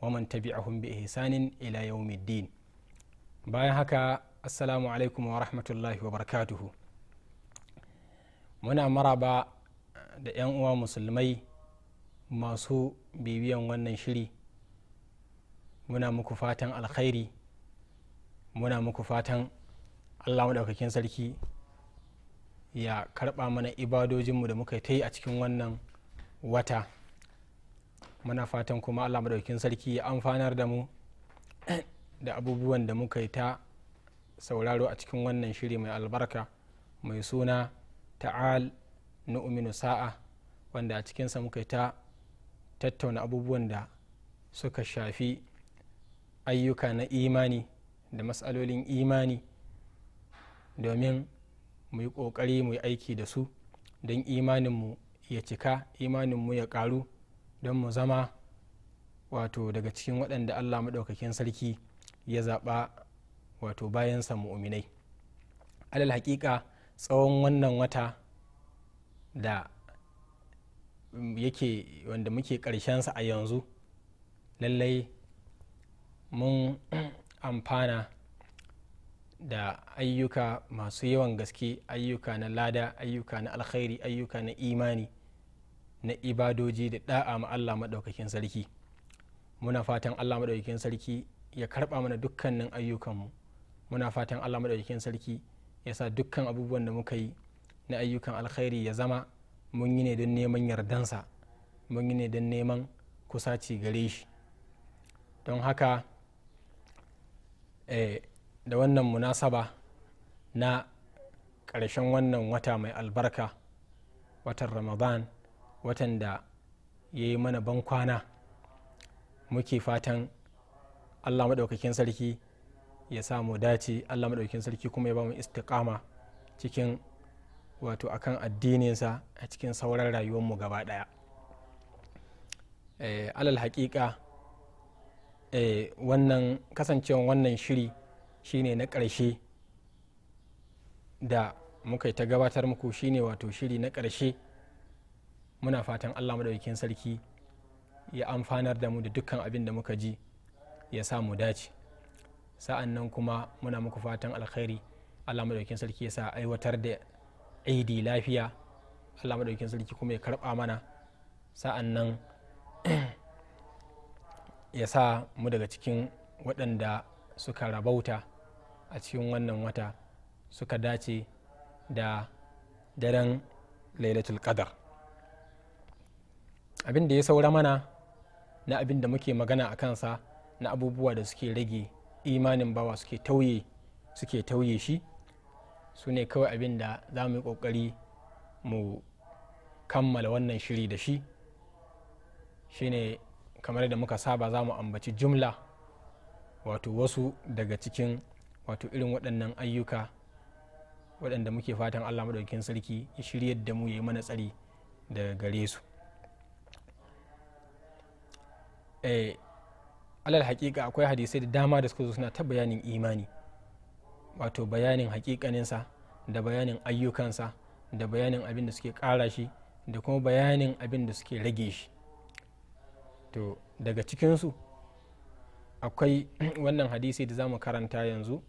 waman tabi'ahum bi ihsanin ila yawmiddin bayan haka assalamu alaikum wa rahmatullahi wa barkatuhu muna maraba da 'yan uwa musulmai masu bibiyan wannan shiri muna muku fatan alkhairi muna muku fatan allah maɗaukakin sarki ya karɓa mana ibadojinmu da muka ta yi a cikin wannan wata muna fatan kuma allah madaukin sarki ya amfanar da mu da abubuwan da muka yi ta sauraro a cikin wannan shiri mai albarka mai suna ta'al nu'minu sa'a wanda a cikinsa muka yi ta tattauna abubuwan da suka shafi ayyuka na imani da matsalolin imani domin mu yi ƙoƙari mu yi aiki da su don imaninmu ya cika imaninmu ya ƙaru don mu zama wato daga cikin waɗanda allah maɗaukakin sarki ya zaɓa wato bayansa mu'uminai alal haƙiƙa tsawon wannan wata da yake wanda muke ƙarshensa a yanzu lallai mun amfana da ayyuka masu yawan gaske ayyuka na lada ayyuka na alkhairi ayyuka na imani na ibadoji da da'a ma Allah maɗaukakin sarki muna fatan Allah maɗaukakin sarki ya karɓa mana dukkanin ayyukanmu muna fatan Allah maɗaukakin sarki ya sa dukkan abubuwan da muka yi na ayyukan alkhairi ya zama mun yi ne don neman yardansa mun yi ne don neman kusa kusaci gare shi don haka eh, da wannan munasaba na ƙarshen wannan wata mai albarka watan ramadan watan da ya yi mana ban kwana muke fatan allah maɗaukakin sarki ya samu dace allah maɗaukakin sarki kuma ya ba mu istiƙama cikin wato akan addininsa a cikin sauran rayuwarmu gaba ɗaya eh, alal haƙiƙa eh, wannan kasancewan wannan shiri shine na ƙarshe da muka ta gabatar muku shine wato shiri na ƙarshe muna fatan allah madaukakin sarki ya amfanar da mu da dukkan abin da muka ji ya sa mu dace sa'an nan kuma muna muku fatan alkhairi allah madaukakin sarki ya sa aiwatar da aidi lafiya allah madaukakin sarki kuma ya karɓa mana sa'an nan ya sa mu daga cikin waɗanda suka rabauta a cikin wannan wata suka dace da daren lailatul qadar abin da ya saura mana na abin da muke magana a kansa na abubuwa da suke rage imanin bawa suke tauye suke tauye shi su ne kawai abin da za mu yi ƙoƙari mu kammala wannan shiri da shi shine kamar da muka saba za mu ambaci jumla wato wasu daga cikin wato irin waɗannan ayyuka waɗanda muke fatan allah maɗaukin sarki ya shiryar da mu ya yi mana tsari daga gare su Eh, alal hakika akwai hadisai da dama da suka zo suna ta bayanin imani wato bayanin haƙiƙaninsa, da bayanin ayyukansa da bayanin abin da suke ƙara shi da kuma bayanin abin da suke rage shi to daga cikinsu akwai wannan hadisi da za mu karanta yanzu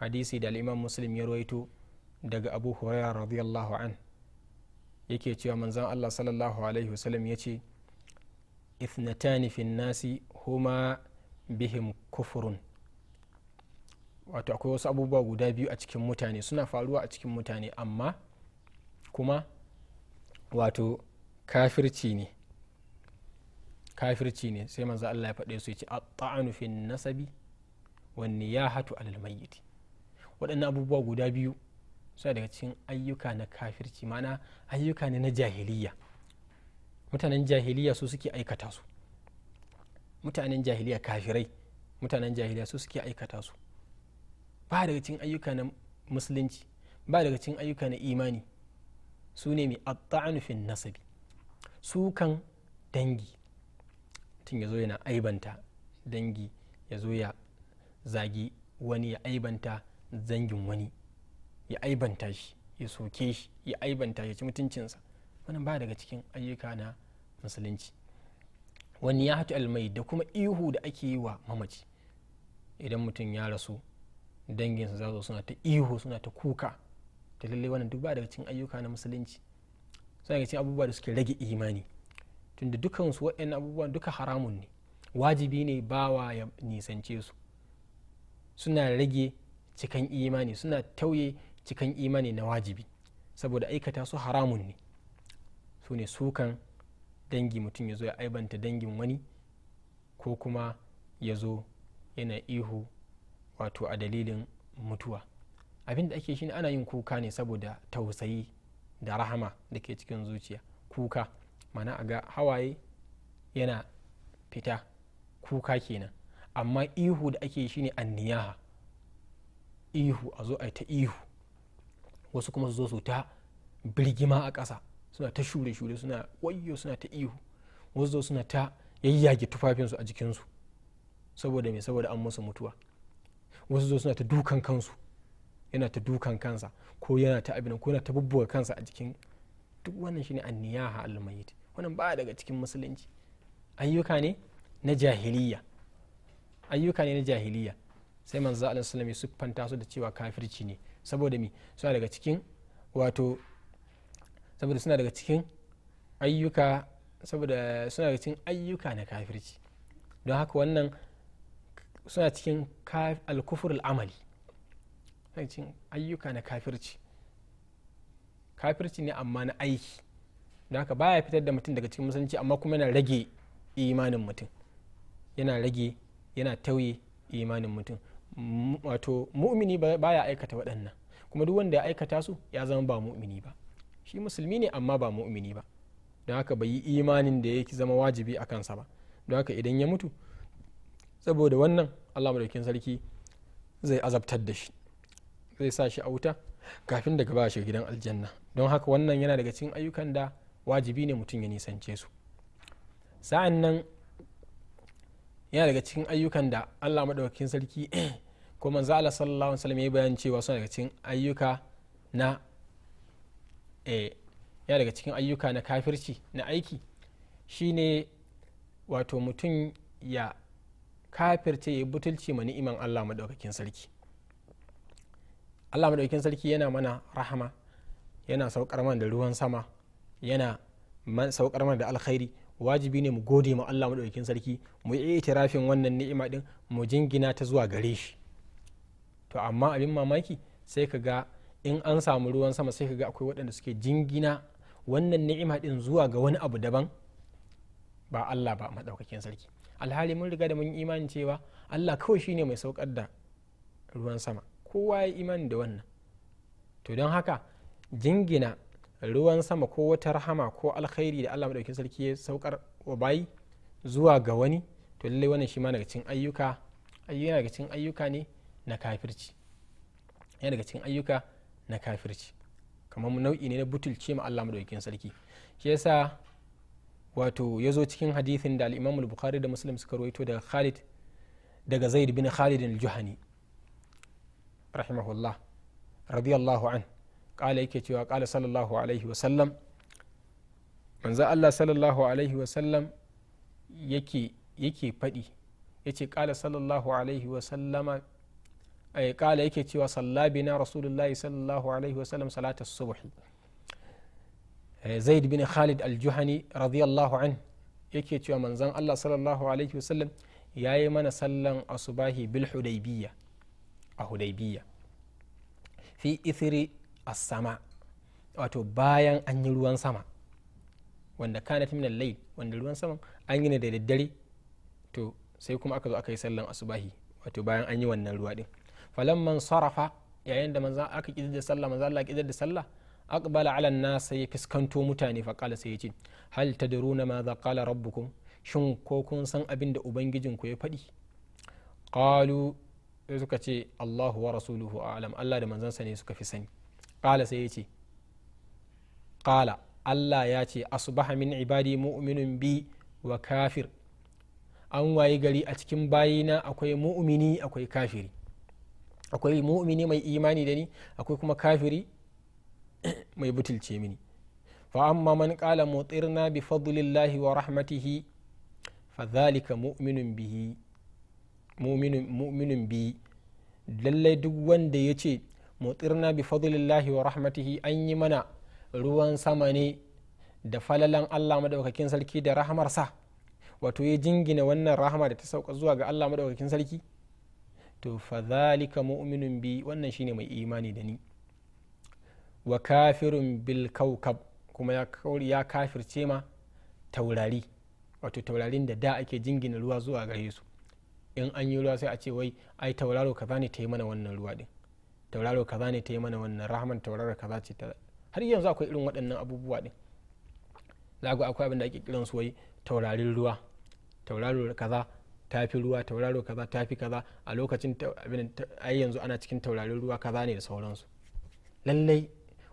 hadisi da al'imam muslim ya rawaito daga abu huraira radiyallahu an yake cewa manzon allah sallallahu alaihi wasallam ya ce ithnatani fin nasi huma bihim kufurun wato akwai wasu abubuwa guda biyu a cikin mutane suna faruwa a cikin mutane amma kuma wato kafirci ne kafirci ne sai manzo Allah ya faɗe su ya ce at-ta'anu fin nasabi wan niyahatu alal mayyit waɗannan abubuwa guda biyu suna daga cikin ayyuka na kafirci ma'ana ayyuka ne na jahiliyya mutanen jahiliya su suke aikata su mutanen jahiliya kafirai mutanen jahiliya su suke aikata su ba daga cikin ayyuka na musulunci ba daga cikin ayyuka na imani su ne mai attanufin nasabi sukan dangi tun ya zo yana aibanta dangi ya zo ya zagi wani ya aibanta zangin wani ya aibanta shi ya soke shi ya aibanta ya ci mutuncinsa wannan ba daga cikin ayyuka na musulunci wani ya hatu almai da kuma ihu da ake yi wa mamaci idan mutum ya rasu danginsa za su suna ta ihu suna ta kuka ta lalle wannan duk ba daga cikin ayyuka na musulunci suna daga cikin abubuwa da suke rage imani tunda dukansu waɗannan abubuwa duka haramun ne wajibi ne bawa ya nisance su suna rage cikan imani suna tauye cikan imani na wajibi saboda aikata su haramun ne su ne sukan dangi mutum ya zo ya aibanta dangin wani ko kuma ya zo yana ihu wato a dalilin mutuwa abin da ake shi ana yin kuka ne saboda tausayi da rahama da ke cikin zuciya kuka mana a ga hawaye yana fita kuka kenan amma ihu da ake shi shine anniyaha ihu a zo a ta ihu wasu kuma su zo su ta birgima a ƙasa suna ta shure shure suna wayyo suna ta ihu wasu suna ta yayyage tufafinsu a jikinsu saboda me saboda an musu mutuwa wasu zo suna ta dukan kansu yana ta dukan kansa ko yana ta abin ko yana ta bubbuga kansa a jikin duk wannan shine anniyaha almayit wannan ba daga cikin musulunci ayyuka ne na jahiliya ayyuka ne na jahiliya sai manzo Allah sallallahu alaihi wasallam ya su da cewa kafirci ne saboda me suna daga cikin wato saboda suna daga cikin ayyuka saboda suna daga cikin ayyuka na kafirci don haka wannan suna cikin alkufur al'amali suna cikin ayyuka na kafirci kafirci ne amma na aiki don haka baya fitar da mutum daga cikin musulunci amma kuma yana rage imanin mutum yana rage yana tauye imanin mutum wato mu'mini baya aikata waɗannan kuma duk wanda ya aikata su ya zama ba mu'mini ba shi musulmi ne amma ba mu'mini ba don haka bai yi imanin da ya zama wajibi a kansa ba don haka idan ya mutu saboda wannan allah madaukin sarki zai azabtar da shi zai sa shi a wuta kafin daga ba shi gidan aljanna don haka wannan yana daga cikin ayyukan da wajibi ne mutum ya nisance su sa'an nan yana daga cikin ayyukan da allah maɗaukin sarki ko manzo sallallahu alaihi wasallam ya bayan cewa suna daga cikin ayyuka na Eh, ya daga cikin ayyuka na kafirci na aiki shine wato mutum ya kafirce ya butulci ma ni'iman allah maɗaukakin sarki allah maɗaukakin sarki yana mana rahama yana saukar mana da ruwan sama yana sauƙar mana da alkhairi wajibi ne mu gode ma allah maɗaukakin sarki mu yi itirafin wannan ni'ima ɗin mu jingina ta zuwa gare shi to amma abin mamaki sai ka ga in an samu ruwan sama sai ga akwai waɗanda suke jingina wannan ni'ima din zuwa ga wani abu daban ba Allah ba madaukakin sarki alhali mun riga da mun imani cewa Allah kawai shine mai saukar da ruwan sama kowa ya imani da wannan to don haka jingina ruwan sama ko wata rahama ko alkhairi da Allah madaukakin sarki ya saukar wa bayi zuwa ga wani to lallai wannan shi ma daga cikin ayyuka ayyuka daga cikin ayyuka ne na kafirci yana daga cikin ayyuka na kafirci kamar nau'i ne na butulce ma Allah madaukakin sarki shi yasa wato ya zo cikin hadithin da al-Imam al-Bukhari da Muslim suka rawaito daga Khalid daga Zaid bin Khalid al-Juhani rahimahullah radiyallahu an kala yake cewa kala sallallahu alaihi wa sallam manzo Allah sallallahu alaihi wa sallam yake yake faɗi yace kala sallallahu alaihi wa sallama Eh, kala yake cewa sallabi na rasulullahi sallallahu alaihi wasallam salatar subhi eh, zaid bin khalid aljuhani radiyallahu an yake cewa manzan allah sallallahu alaihi wasallam ya yi mana sallan asubahi bil hudaybiya a hudaybiya fi ithiri as-sama wato bayan an yi ruwan sama wanda kanat min al-layl wanda ruwan sama an yi ne da daddare to sai kuma aka zo aka yi sallan asubahi wato bayan an yi wannan ruwa din falamman sarafa yayin da manzan aka kidar da sallah manzan Allah kidar da sallah aqbala ala nas sai ya fuskanto mutane fa qala sai ya hal tadruna ma za qala rabbukum shin ko kun san abin da ubangijinku ya faɗi qalu sai suka ce Allahu wa rasuluhu a'lam Allah da manzansa ne suka fi sani qala sai ya ce qala Allah ya ce asbaha min ibadi mu'minun bi wa kafir an wayi gari a cikin bayina akwai mu'mini akwai kafiri akwai mu'mini mai imani da ni akwai kuma kafiri mai butulce mini fa amma man qala mutirna bi fadlillahi wa rahmatihi fa zalika mu'minun bihi mu'minun mu'minun bi lallai duk wanda ya ce mutirna bi fadlillahi wa rahmatihi an mana ruwan sama ne da falalan Allah madaukakin sarki da rahmar sa wato ya jingina wannan rahama da ta sauka zuwa ga Allah madaukakin sarki to fa zalika mu'minun bi wannan shine mai imani da ni wa kafirun bil kaukab kuma ya kafirce ma taurari wato taurarin da da ake jingina ruwa zuwa gare su in an yi ruwa sai a ce wai ai tauraro kaza ne ta yi mana wannan ruwa din tauraro kaza ne ta yi mana wannan rahman tauraro kaza ce ta har yanzu akwai irin waɗannan abubuwa din za akwai abin da ake kiransu wai taurarin ruwa tauraro kaza ta fi ruwa tauraro kaza ta fi kaza a lokacin ai yanzu ana cikin taurarin ruwa kaza ne da sauransu lallai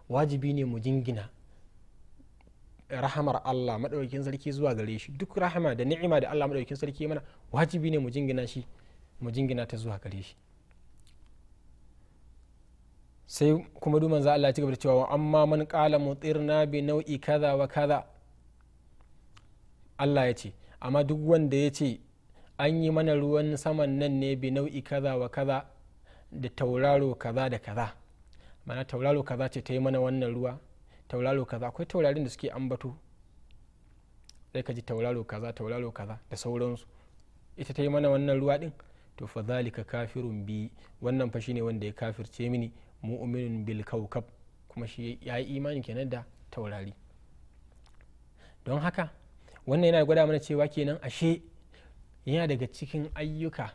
wajibi ne mu jingina rahamar Allah madaukakin sarki zuwa gare shi duk rahama da ni'ima da Allah madaukakin sarki mana wajibi ne mu jingina shi mu jingina ta zuwa gare shi sai kuma duman za Allah ya cigaba da cewa amma man qala mutirna bi nau'i kaza wa kaza Allah ya ce amma duk wanda ya ce an yi mana ruwan saman nan ne bi nau'i kaza wa kaza da tauraro kaza da kaza mana tauraro kaza ce ta yi mana wannan ruwa tauraro kaza akwai taurarin da suke ambato sai ka ji tauraro kaza tauraro kaza da sauransu ita ta yi mana wannan ruwa din to fa zalika kafirun bi wannan fa shine wanda ya kafirce mini mu'minun bil kaukab kuma shi ya yi imani kenan da taurari don haka wannan yana gwada mana cewa kenan ashe yana daga cikin ayyuka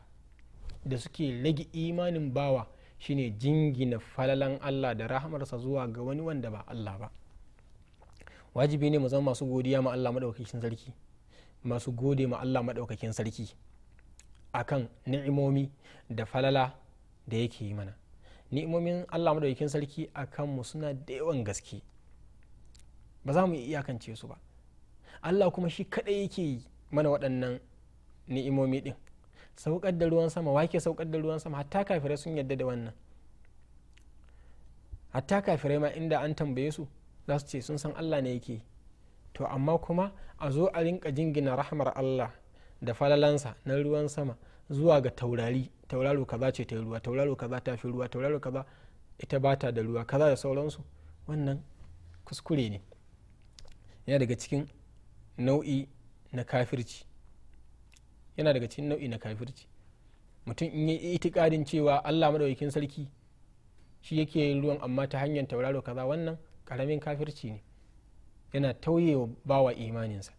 da suke rage imanin bawa shine jingina falalan Allah da rahamarsa zuwa ga wani wanda ba Allah ba wajibi ne mu zama masu godiya ma Allah madaukakin sarki masu gode ma Allah madaukakin sarki akan ni'imomi da falala da yake yi mana ni'imomin Allah maɗaukakin sarki akan mu suna da yawan gaske ba za mu iyakance su ba Allah kuma shi kaɗai yake yi mana waɗannan ni'imomi din saukar da ruwan sama wake saukar da ruwan sama hatta kafirai sun yadda da wannan hatta kafirai ma inda an tambaye su za su ce sun san allah ne yake to amma kuma a zo a rinka jingina rahmar allah da falalansa na ruwan sama zuwa ga taurari tauraro kaza ce ta ruwa tauraro kaza ta fi ruwa tauraro kaza ita bata da ruwa kaza da sauransu wannan kuskure ne yana daga cikin nau'i na kafirci yana daga cikin nau'i na kafirci mutum in yi itikadin cewa allah maɗaukakin sarki shi yake yin ruwan amma ta hanyar tauraro kaza wannan karamin kafirci ne yana tauyewa bawa imaninsa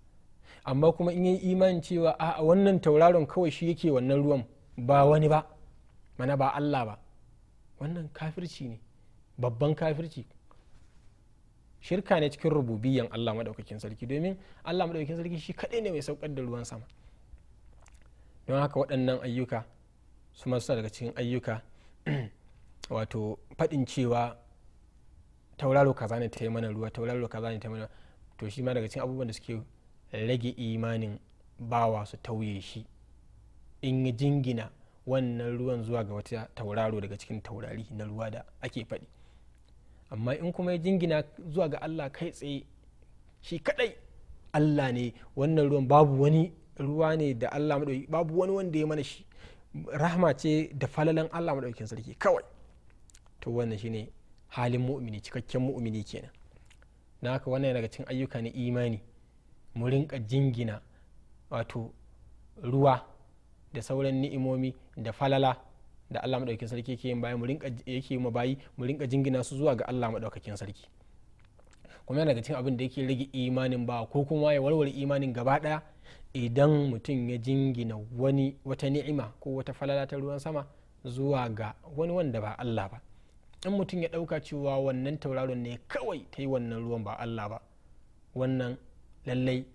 amma kuma in yi imanin cewa a wannan tauraron kawai shi yake wannan ruwan ba wani ba mana ba allah ba wannan kafirci ne babban kafirci shirka ne cikin rububiyan allah maɗaukakin sarki domin allah maɗaukakin sarki shi kaɗai ne mai saukar da ruwan sama don haka waɗannan ayyuka su masu daga cikin ayyuka wato faɗin cewa tauraro kaza ne ta yi mana ruwa tauraro kaza ne ta yi mana to shi ma daga cikin abubuwan da suke rage imanin bawa su tauye shi in ya jingina wannan ruwan zuwa ga wata tauraro daga cikin taurari na ruwa da ake faɗi amma in kuma ya jingina zuwa ga allah kai tsaye shi kadai allah ne wannan ruwan babu wani ruwa ne da Allah maɗauki babu wani wanda ya mana shi rahma ce da falalan Allah maɗaukin sarki kawai to wannan shine halin mu'mini cikakken mu'mini kenan na haka wannan daga cikin ayyuka na imani mu rinka jingina wato ruwa da sauran ni'imomi da falala da Allah maɗaukin sarki ke yin bayan mu rinka yake mu bayi mu rinka jingina su zuwa ga Allah maɗaukakin sarki kuma yana daga cikin abin da yake rage imanin ba ko kuma ya warware imanin gaba daya idan mutum ya jingina wani wata ni'ima ko wata falala ta ruwan sama zuwa ga wani wanda ba Allah ba in mutum ya ɗauka cewa wannan tauraron ne kawai ta yi wannan ruwan ba Allah ba wannan lallai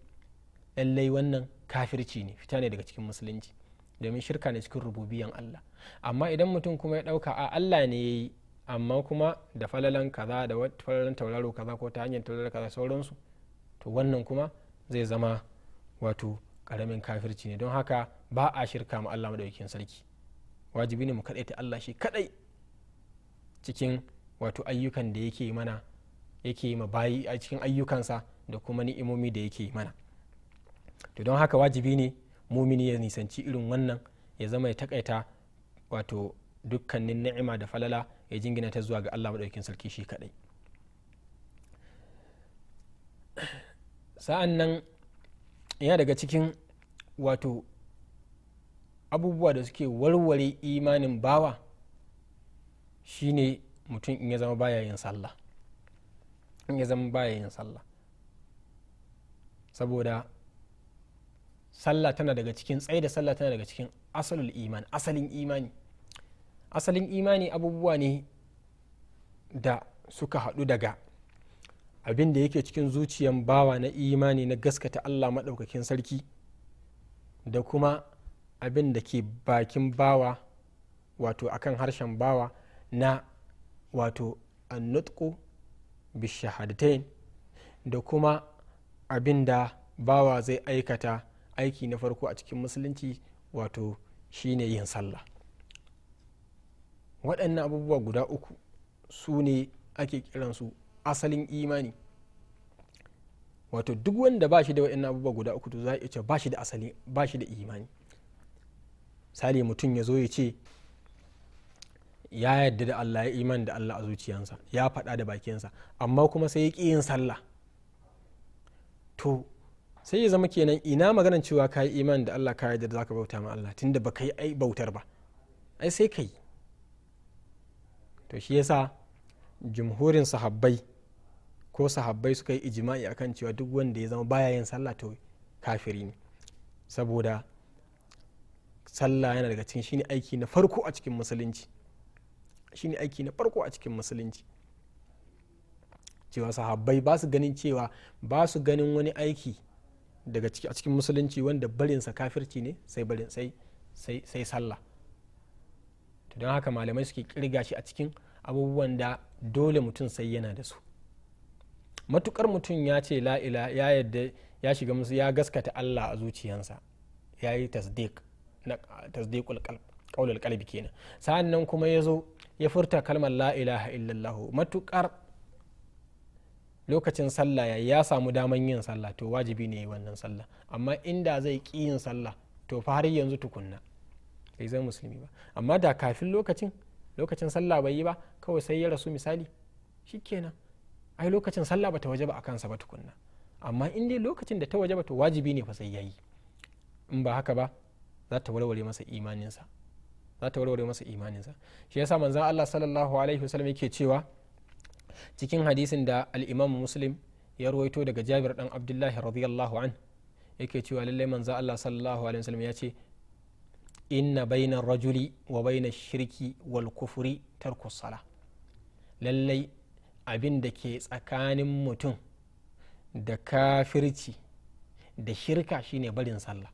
lallai wannan kafirci ne fita ne daga cikin musulunci domin shirka ne cikin rububiyan Allah amma idan mutum kuma ya ɗauka a Allah ne ya yi amma kuma da falalan kaza da falalan tauraro kaza ko ta hanyar tauraro kaza sauransu to wannan kuma zai zama wato karamin kafirci ne don haka ba a shirka ma Allah madaukakin sarki wajibi ne mu ta Allah shi kadai cikin wato ayyukan da yake mana yake ma bayi a cikin ayyukansa da kuma ni'imomi da yake mana to don haka wajibi ne mumini ya nisanci irin wannan ya zama ya takaita wato dukkanin ni'ima da falala ya jingina ta zuwa ga allah maɗaukin sarki shi kaɗai sa'an nan yana daga cikin wato abubuwa da suke warware imanin bawa shine mutum in ya zama bayayin sallah in ya zama bayayin yin sallah saboda sallah tana daga cikin tsaye da sallah tana daga cikin asalul iman asalin imani asalin imani abubuwa ne da suka haɗu daga abin da yake cikin zuciyan bawa na imani na gaskata allah maɗaukakin sarki da kuma abin da ke bakin bawa wato akan harshen bawa na wato annutku bishahadatain da kuma abin da bawa zai aikata aiki na farko a cikin musulunci wato shine yin sallah waɗannan abubuwa guda uku su ne ake kiransu asalin imani wato duk wanda ba shi da waɗannan abubuwa guda uku to za a ce ba shi da asali ba shi da imani misali mutum ya zo ya ce ya yarda da Allah ya iman da Allah a zuciyansa ya faɗa da bakinsa amma kuma sai ya ƙi yin sallah to sai ya zama kenan ina maganar cewa ka yi iman da Allah ka yarda da za ka bauta ma Allah tunda ba ka yi bautar ba ai sai ka yi to shi yasa jumhurin sahabbai ko sahabbai suka yi ijima'i akan cewa duk wanda ya zama baya yin sallah to kafiri ne saboda sallah yana daga cikin shine aiki na farko a cikin musulunci shine aiki na farko a cikin musulunci cewa sahabbai ba su ganin cewa ba su ganin wani aiki daga cikin musulunci wanda barinsa kafirci ne sai barin sai sallah don haka malamai suke kirga shi a cikin abubuwan da dole mutum sai yana da su matukar mutum ya ce la'ila ya yadda ya shiga musu ya gaskata allah a zuciyansa ya yi tasdiqul qaulul kenan sa'annan kuma ya zo ya furta kalmar laila ilaha matukar lokacin sallah ya ya samu daman yin sallah to wajibi ne wannan sallah amma inda zai ki yin sallah to fa har yanzu tukunna bai zai musulmi ba amma da kafin lokacin lokacin sallah bai yi ba kawai sai ya rasu misali kenan ai lokacin sallah bata waje ba a kansa ba tukunna amma in dai lokacin da ta waje ba to wajibi ne fa sai yayi in ba haka ba za ta warware masa imaninsa za ta warware masa imaninsa shi yasa manzon Allah sallallahu alaihi wasallam yake cewa cikin hadisin da al-Imam Muslim ya ruwaito daga Jabir dan Abdullahi radiyallahu an yake cewa lallai manzon Allah sallallahu alaihi wasallam ya ce inna bainar rajuli wa bainar shirki wal kufuri tarku sala lallai abin da ke tsakanin mutum da kafirci da shirka shine barin sallah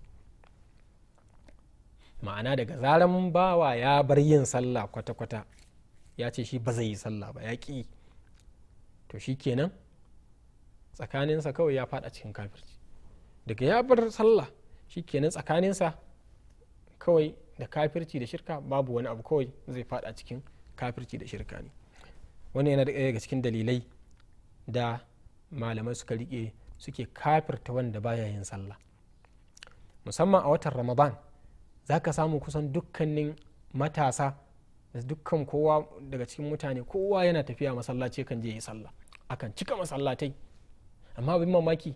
ma'ana daga zaran bawa ya bar yin sallah kwata-kwata ya ce shi ba zai yi sallah ba ya ƙi to shi kenan tsakaninsa kawai ya faɗa cikin kafirci daga ya bar sallah shi kenan tsakaninsa kawai da kafirci da shirka babu wani abu kawai zai fada cikin kafirci da shirka ne wani yana daga cikin dalilai da malamai suka rike suke kafirta wanda baya yin sallah musamman a watan ramadan za ka samu kusan dukkanin matasa da dukkan kowa daga cikin mutane kowa yana tafiya masallaci kan je yi sallah akan cika masallatai amma abin mamaki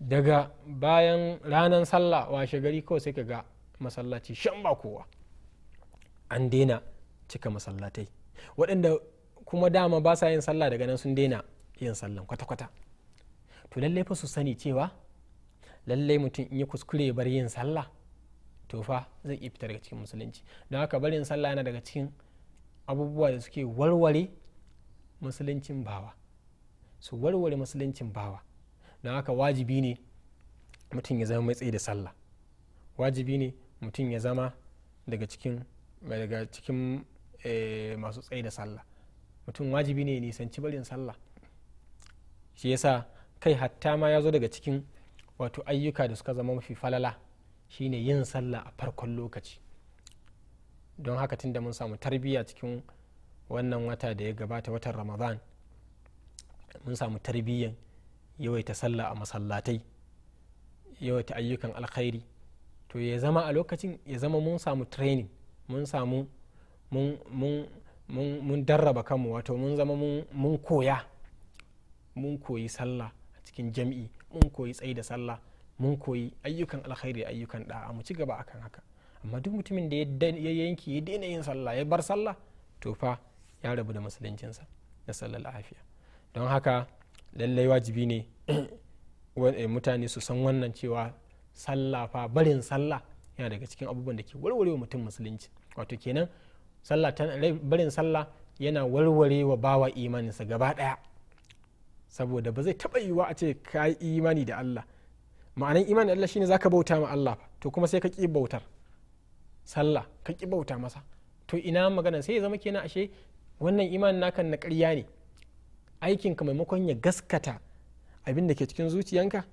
daga bayan ranar sallah washe gari kawai sai ka ga masallaci shan ba kowa an daina cika masallatai waɗanda kuma dama ba sa yin sallah daga nan sun daina yin sallan kwata-kwata to lallai fa su sani cewa lallai mutum in ya kuskure bar yin sallah to fa zai iya fita daga cikin musulunci don haka barin sallah yana daga cikin abubuwa da suke warware musuluncin bawa su warware musuluncin bawa don haka wajibi ne mutum ya zama matsayi da sallah wajibi ne mutum ya zama daga cikin daga cikin eh, masu tsaye da sallah mutum wajibi ne nisanci barin sallah shi yasa kai hatta ma ya zo daga cikin wato ayyuka da suka zama mafi falala shine yin sallah a farkon lokaci don haka tun da mun samu tarbiyya cikin wannan wata da ya gabata watan ramadan mun samu tarbiyyan yawaita sallah a masallatai yawaita ayyukan alkhairi to ya zama a lokacin ya zama mun samu training mun samu mun darraba kanmu wato mun zama mun koya mun koyi sallah a cikin jam'i mun koyi tsayi da sallah mun koyi ayyukan alkhairi ayyukan da'a mu ci gaba akan haka amma duk mutumin da ya yanki ya daina yin sallah ya bar sallah to fa ya rabu da musuluncinsa na sallar lafiya don haka lallai wajibi ne eh, mutane su san wannan cewa sallah fa barin sallah yana daga cikin abubuwan da ke warware mutum musulunci wato kenan sallah barin sallah yana warware wa bawa imaninsa gaba daya saboda ba zai taba yiwuwa a ce ka yi imani da Allah ma'anan imani da Allah shine zaka bauta ma Allah to kuma sai ka ki bautar sallah ka ki bauta masa to ina magana sai ya zama kenan ashe wannan imanin naka na ƙarya ne aikinka maimakon ya gaskata abin da ke cikin zuciyanka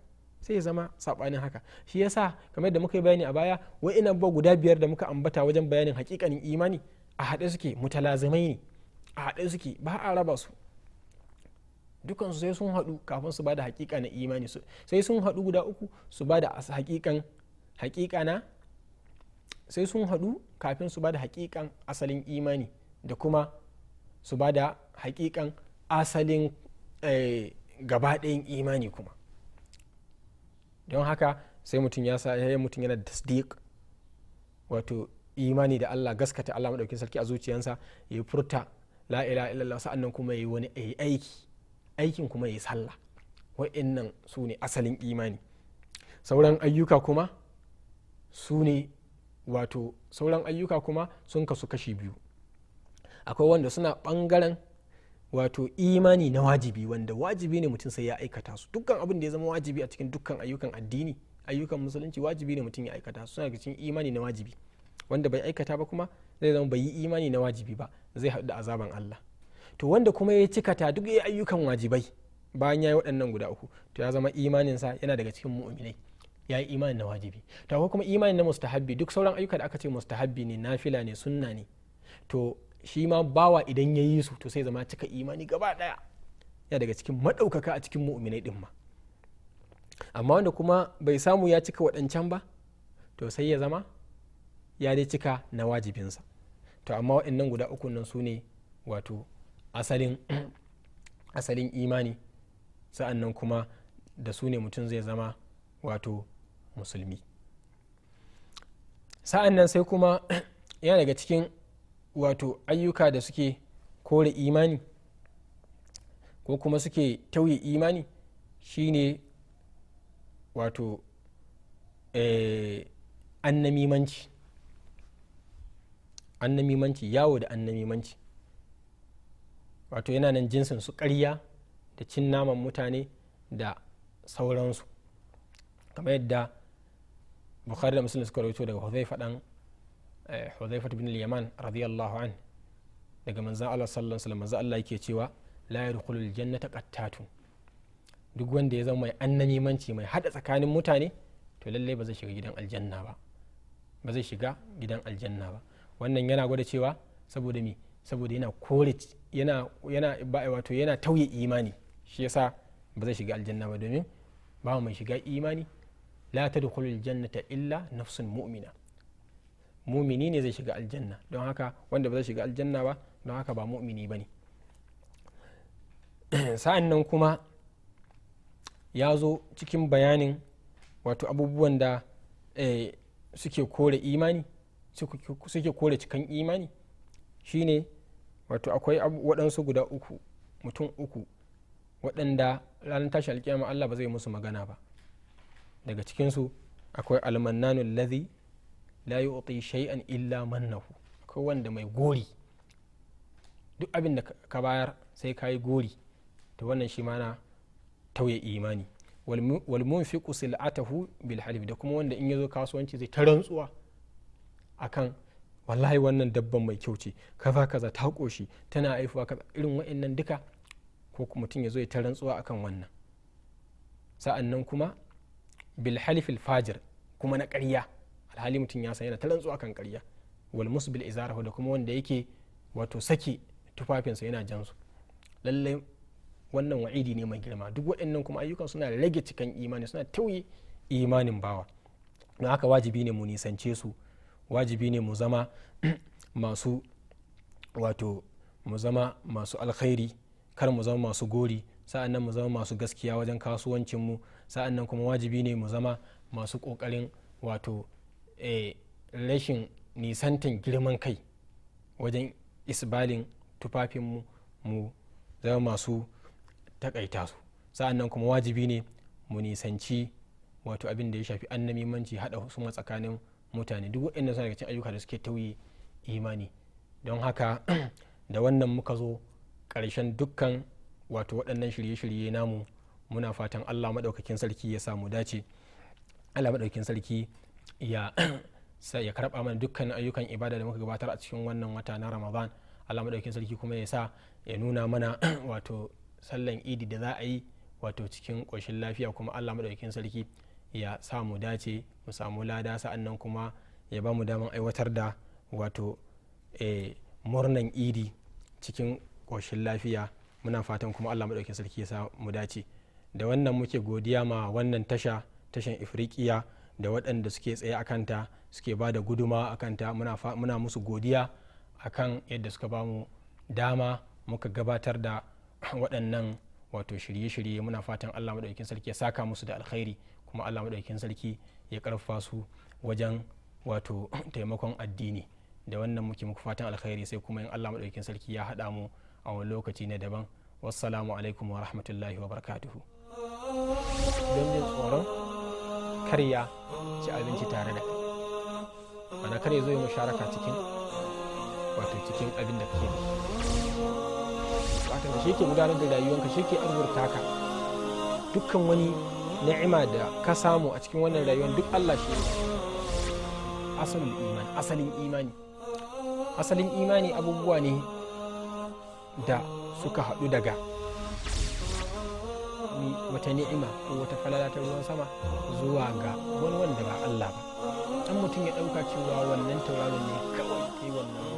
sai ya zama sabanin haka shi yasa kamar da muka yi bayani a baya ina ba guda biyar da muka ambata wajen bayanin hakikanin imani a haɗe suke mutalazamai ne a haɗe suke ba a raba su dukansu sai sun haɗu kafin su bada hakika na imani sai sun haɗu guda uku su bada hakikan hakika na sai sun haɗu kafin su bada hakikan asalin imani da kuma su bada hakikan asalin eh, gaba imani kuma don haka sai mutum ya sa ya mutum yana da wato imani da Allah gaskata Allah madaukin sarki a zuciyansa ya furta la ilaha illallah sa'annan kuma yayi wani aiki aikin kuma yayi sallah wa'annan su ne asalin imani sauran ayyuka kuma su ne wato sauran ayyuka kuma sun kasu kashi biyu akwai wanda suna bangaren wato imani na wajibi wanda wajibi ne mutum sai ya aikata su dukkan abin da ya zama wajibi a cikin dukkan ayyukan addini ayyukan musulunci wajibi ne mutum ya aikata su suna cikin imani na wajibi wanda bai aikata ba kuma zai zama bai yi imani na wajibi ba zai haɗu da azaban Allah to wanda kuma ya cikata duk ya ayyukan wajibai bayan ya yi waɗannan guda uku to ya zama imaninsa yana daga cikin mu'minai ya yi imani na wajibi to akwai kuma imani na mustahabbi duk sauran ayyuka da aka ce mustahabbi ne nafila ne sunna ne to shi ma bawa idan ya yi su to sai zama cika imani gaba daya ya daga cikin maɗaukaka a cikin mu'uminai din ma amma wanda kuma bai samu ya cika waɗancan ba to sai ya zama ya dai cika na wajibinsa to amma waɗannan guda uku nan su ne wato asalin asalin imani nan kuma da su ne mutum zai zama wato musulmi Sa'an nan sai kuma yana daga cikin wato ayyuka da suke kore imani ko kuma suke tauye imani shine wato eh, annamimanci yawo da annamimanci wato yana nan jinsin su karya da cin naman mutane da sauransu kamar yadda bukhari da musulun suka rawaito daga huzaifa faɗan Eh, Hudhaifat bin Lyaman radiyallahu an daga manzan Allah sallallahu alaihi wasallam Allah yake cewa la yadkhulul jannata qattatu duk wanda ya zama mai annamimanci mai hada tsakanin mutane to lallai ba zai shiga gidan aljanna ba ba zai shiga gidan aljanna ba wannan yana gwada cewa saboda me saboda yana kore yana yana wato yana tauye imani shi yasa ba zai shiga aljanna ba domin ba mai shiga imani la tadkhulul jannata illa nafsun mu'mina mumini ne zai shiga aljanna don haka wanda ba zai shiga aljanna ba don haka ba mumini ba ne sa'an nan kuma ya zo cikin bayanin wato abubuwan da eh, suke kore imani suke kore cikin imani shine wato akwai waɗansu guda uku mutum uku waɗanda ranar tashi alkiyama allah ba zai musu magana ba daga cikinsu akwai almannanul lazi la yu'ti shay'an illa mannahu ko wanda mai gori duk abin da ka bayar sai ka yi gori ta wannan shi mana tauye imani wal munfiqu atahu bil halif da kuma wanda in yazo kasuwanci zai ta rantsuwa akan wallahi wannan dabban mai kyau ce kaza kaza ta koshi tana haifuwa kaza irin wa'annan duka ko mutum ya zo ya ta rantsuwa akan wannan nan kuma bil halifil fajir kuma na ƙarya hali mutum ya san yana ta rantsuwa kan karya wal musbil izarahu da kuma wanda yake wato saki tufafinsa yana jansu lallai wannan wa'idi ne mai girma duk waɗannan kuma ayyukan suna rage cikan imani suna tauye imanin bawa don haka wajibi ne mu nisance su wajibi ne mu zama masu wato mu zama masu alkhairi kar mu zama masu gori sa'an nan mu zama masu gaskiya wajen kasuwancinmu sa'an nan kuma wajibi ne mu zama masu ƙoƙarin wato Eh, rashin nisantan girman kai wajen isbalin tufafin mu zama masu takaita su nan kuma wajibi ne mu nisanci wato abin da ya shafi annamimanci hada husuma tsakanin mutane duk waɗannan suna daga cikin ayyuka da suke tauye imani don haka da wannan muka zo karshen dukkan wato waɗannan shirye-shirye namu muna fatan allah maɗaukakin sarki ya samu dace allah maɗaukakin sarki ya sai karba mana dukkan ayyukan ibada da muka gabatar a cikin wannan wata na ramadan allah madaukin sarki kuma ya sa ya nuna mana wato sallan idi da za a yi wato cikin ƙoshin lafiya kuma allah madaukin sarki ya sa mu dace mu samu lada nan kuma ya ba mu daman aiwatar da wato eh, murnan idi cikin ƙoshin lafiya muna fatan kuma allah maɗaukin sarki ya sa mu dace da wannan muke godiya ma wannan tasha tashan ifriqiya da waɗanda suke tsaye a kanta suke ba da guduma a kanta muna musu godiya akan yadda suka ba mu dama muka gabatar da waɗannan wato shirye-shirye muna fatan allah maɗaukin sarki ya saka musu da alkhairi kuma allah maɗaukin sarki ya ƙarfafa su wajen wato taimakon addini da wannan muke muku fatan alkhairi sai kuma in allah maɗaukin sarki ya haɗa mu a wani lokaci na daban wassalamu alaikum wa rahmatullahi wa barakatuhu tsoron kar ya ci abinci tare da kai mana kar ya zo ya musharaka cikin wato cikin abin da kake da wato shi ke gudanar da rayuwanka shi ke arzurta ka dukkan wani ni'ima da ka samu a cikin wannan rayuwar duk Allah shi asalin imani asalin imani asalin imani abubuwa ne da suka haɗu daga wata ni'ima ko wata falala ta ruwan sama zuwa ga wani wanda ba Allah ba dan mutum ya ɗauka cewa wannan tauraron ne kawai ke wannan